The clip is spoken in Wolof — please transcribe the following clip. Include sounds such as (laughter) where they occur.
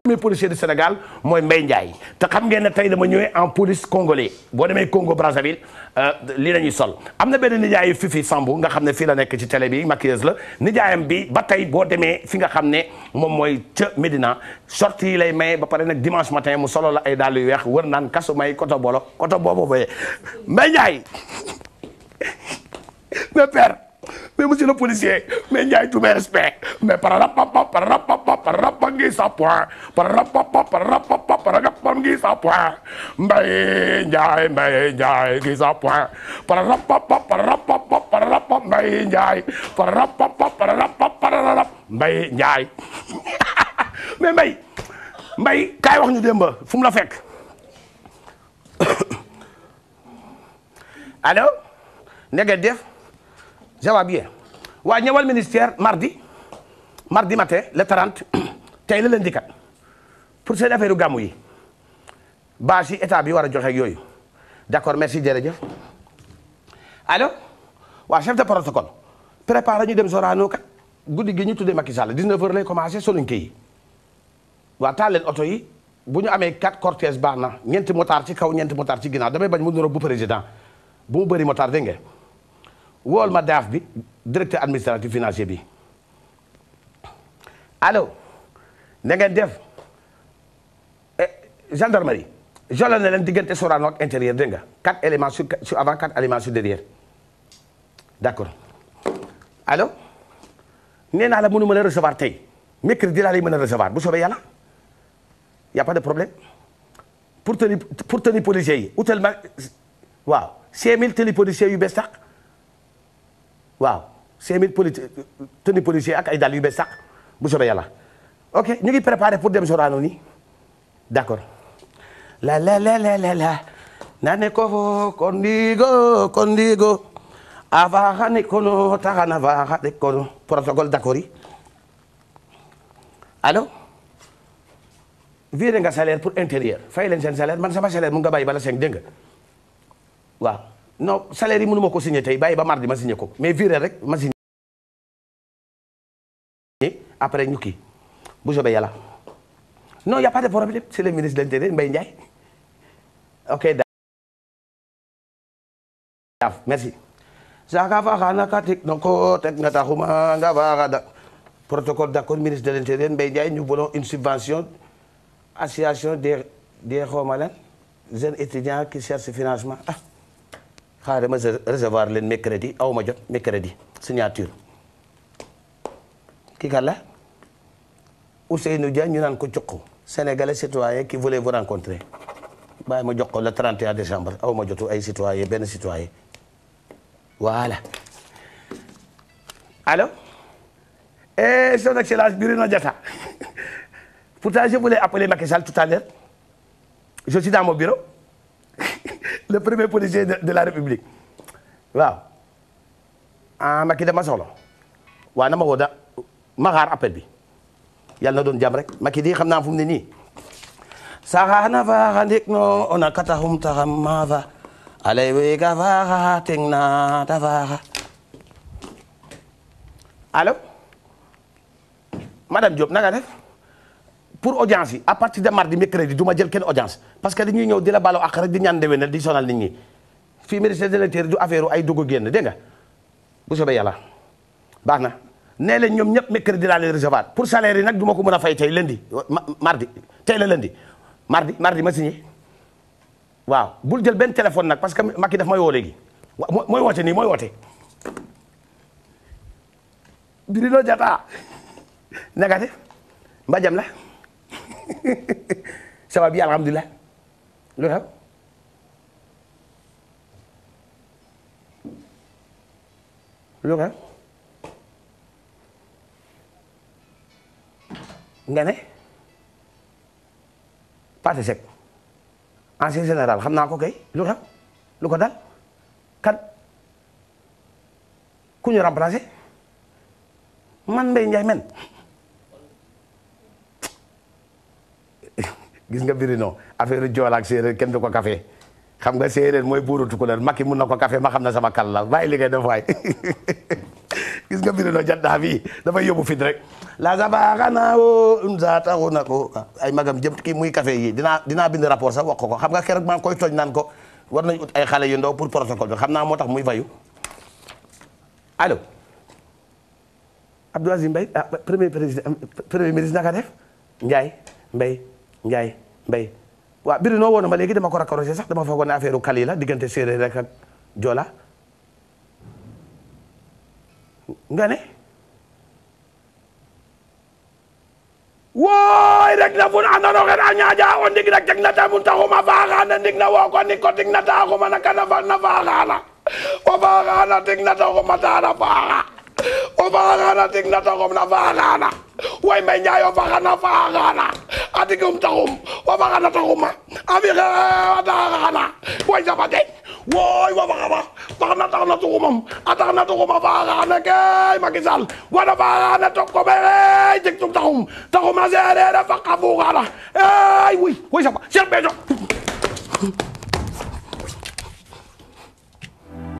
premier policier du Sénégal mooy Mbaye Ndiaye te xam ngeen ne tey dama ñëwee en police congolais boo demee Congo Brazzaville euh, li lañuy sol am na benn nijaayu Fifi Sambu nga xam ne fii la nekk ci télé bi maquilleuse la nijaayam bi ba tey boo demee fi nga xam ne moom mooy ca Médina short lay mais ba pare nag dimanche matin mu solo la ay dàll yu weex wër naan kasu may koto bolo koto boobu boyee Mbaye Ndiaye (laughs) mais père mais monsieur le policier mais tout mes respect parappa ngi sappoin parappa parappa paragappa ngi sappoin mbay njaay mbay njaay ngi sappoin parappa parappa parappa mbay njaay parappa parappa parappa mbay njaay (laughs) mais mbay mbay kaay wax ñu démb fu mu la fekk (coughs) allo nega def jawaab bien waa ñëwal ministère mardi mardi matin le 30 (clears throat) tey la leen di kat pour seen affaire gàmmu yi bâche yi état bi war a joxe yooyu d' accord merci jërëjëf allo waa chef de protocole préparé ñu dem Sorano kat guddi gi ñu tuddee Macky Sall 19h lay commencé Soninke yi waa taal leen oto yi bu ñu amee 4 cortège baax na ñeenti motard ci kaw ñeenti motard ci ginnaaw damay bañ mu nuroo bu président bu mu bëri motard dégg nga wool ma daaf bi directeur administratif financier bi. allo na ngeen def eh, gendarmerie jolo na leen diggante Sorano ak intérieur dégg nga quatre éléments sur sur avant quatre éléments sur derrière d'accord allo nee naa la mënu mën a recevoir tey mercredi laa lay mën a recevoir bu soobee yàlla y a pas de problème pour tenir pour tenir policiers yi utal ma waaw 5000 tenir policiers yu bees sax waaw 5000 poli tenir policiers ak ay dàll yu bees sax. bu soobee yàlla ok ñu ngi préparé pour dem Sorano ni d' accord la la la la la nane ko kondigo kondigo avaxani kono taxana vaxade kono protocole d' yi allo viré nga salaire pour intérieur fay leen seen salaire man sama salaire mun nga bàyyi bala cinq dégg nga waaw non salaire yi mënu ma ko signé tey bàyyi ba mardi ma signé ko mais viré rek ma signé après ñu kii bu soobee yàlla non y' pas de problème c'est le ministre de l'intérieur Mbaye Ndiaye ok. merci. saka faxana subvention association des des xawma lan jeunes étudiants qui financement ah xaaral ma recevoir leen mercredi aw ma jot mercredi signature kii kan Ousseynou Dia ñu naan ko Cuq citoyen qui voulait vous rencontrer bàyyi ma jox ko le 31 décembre aw ma jotu ay citoyen benn citoyen voilà allo eh son excellence Bruno Diatta (laughs) pourtant je voulais appeler Macky Sall tout à l'heure je suis dans mon bureau (laughs) le premier policier de, la République waaw ah Macky dama soxla waaw na ma woo ma xaar appel bi yàlla na doon jàmm rek Macky di xam naa fu mu ne nii saxaana faaxa ndik no ona katahum taxam maafa alay weega faaxa teng na ta faaxa allo madame Diop nanga def pour audience yi partir de mardi mercredi du ma jël kenn audience parce que dañuy ñëw di la balo ak rek di ñaan déwénal di sonal nit ñi fii ministère de l'intérieur du affaire ay dugg génn dégg nga bu soobee yàlla baax na nee leen ñoom ñëpp mercredi laa leen recevoir pour salaire nag du ma ko mën a fay tey lundi mardi mardi mardi ma signé waaw bul jël benn téléphone nag parce que Macky daf may woo léegi mooy woote nii mooy woote. Bruno Diatta naka def mba jam la (laughs) ça va lu xew nga ne Pathé Seck général xam naa ko kay lu xew lu ko dal kan ku ñu remplacer man Mbaye Ndiaye men gis nga biri non affaire jool ak séeréer kenn du ko café xam nga séeréer mooy buuru tukulóor Macky mun na ko café ma xam na sama kal la bàyyi li def waay (laughs) gis nga biri non jant daa fii dafay yóbbu fit rek la sabaxana o oh, um sa taxuna ko ay magam jëm ki muy kafe yi dinaa dinaa bind rapport sax wax ko ko xam nga keroog maa ngi koy tooñ naan ko war nañ ut ay xale yu ndaw pour protocole bi xam naa moo tax muy fayu allo Abdou Aziz Mbaye ah, premier premier ministre naka def njaay Mbaye njaay Mbaye waaw biri noo woon ma léegi dama ko raccroché sax dama foogoon ne affaire u kali la diggante séeréer rek joola nga woy rek na fun andanoxen a ñaaƴa o ndig na keg na tamun taxuma faaxana ndig na woko niko na taxuma na kana na faaxana na taxuma tana faaxa o na taxum na faaxana way may ñaayo faxana faaxana a digum taxum o faxana taxuma a fixe a taxana way saba de woy wa faxama tax na tax na a ah, tax na tuxuma faaxaana kay Macky Sall wala faaxaana tog ko ɓe jeg tug taxum taxuma seereer a faqa fuuxaana ay wuy wuy sapa Cheikh Béthio